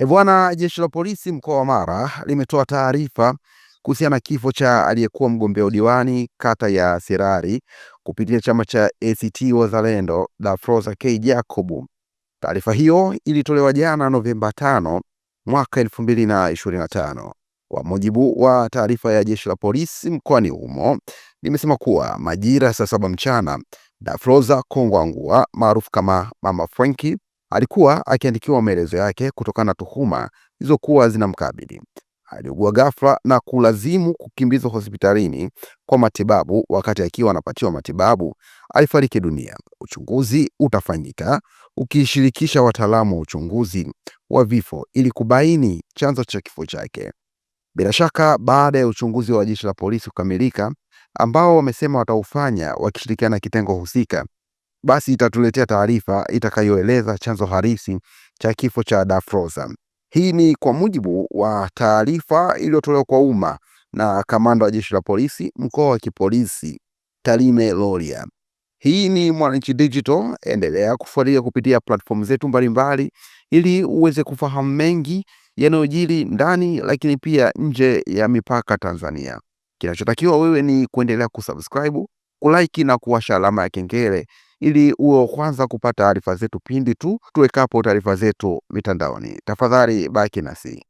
E bwana, jeshi la polisi mkoa wa Mara limetoa taarifa kuhusiana na kifo cha aliyekuwa mgombea udiwani kata ya Sirari kupitia chama cha ACT Wazalendo Dafroza K Jacob. Taarifa hiyo ilitolewa jana Novemba 5 mwaka 2025. Kwa mujibu wa taarifa ya jeshi la polisi mkoani humo, limesema kuwa majira saa saba mchana Dafroza kongwangua maarufu kama Mama Frenki alikuwa akiandikiwa maelezo yake kutokana na tuhuma zilizokuwa zinamkabili. Aliugua ghafla na kulazimu kukimbizwa hospitalini kwa matibabu. Wakati akiwa anapatiwa matibabu, alifariki dunia. Uchunguzi utafanyika ukishirikisha wataalamu wa uchunguzi wa vifo ili kubaini chanzo cha kifo chake. Bila shaka, baada ya uchunguzi wa jeshi la polisi kukamilika, ambao wamesema wataufanya wakishirikiana na kitengo husika basi itatuletea taarifa itakayoeleza chanzo halisi cha kifo cha Dafroza. Hii ni kwa mujibu wa taarifa iliyotolewa kwa umma na kamanda wa jeshi la polisi mkoa wa kipolisi Tarime Rorya. Hii ni Mwananchi Digital, endelea kufuatilia kupitia platform zetu mbalimbali ili uweze kufahamu mengi yanayojiri ndani lakini pia nje ya mipaka Tanzania. Kinachotakiwa wewe ni kuendelea kusubscribe, kulike na kuwasha alama ya kengele ili uwe wa kwanza kupata taarifa zetu pindi tu tuwekapo taarifa zetu mitandaoni. Tafadhali baki nasi.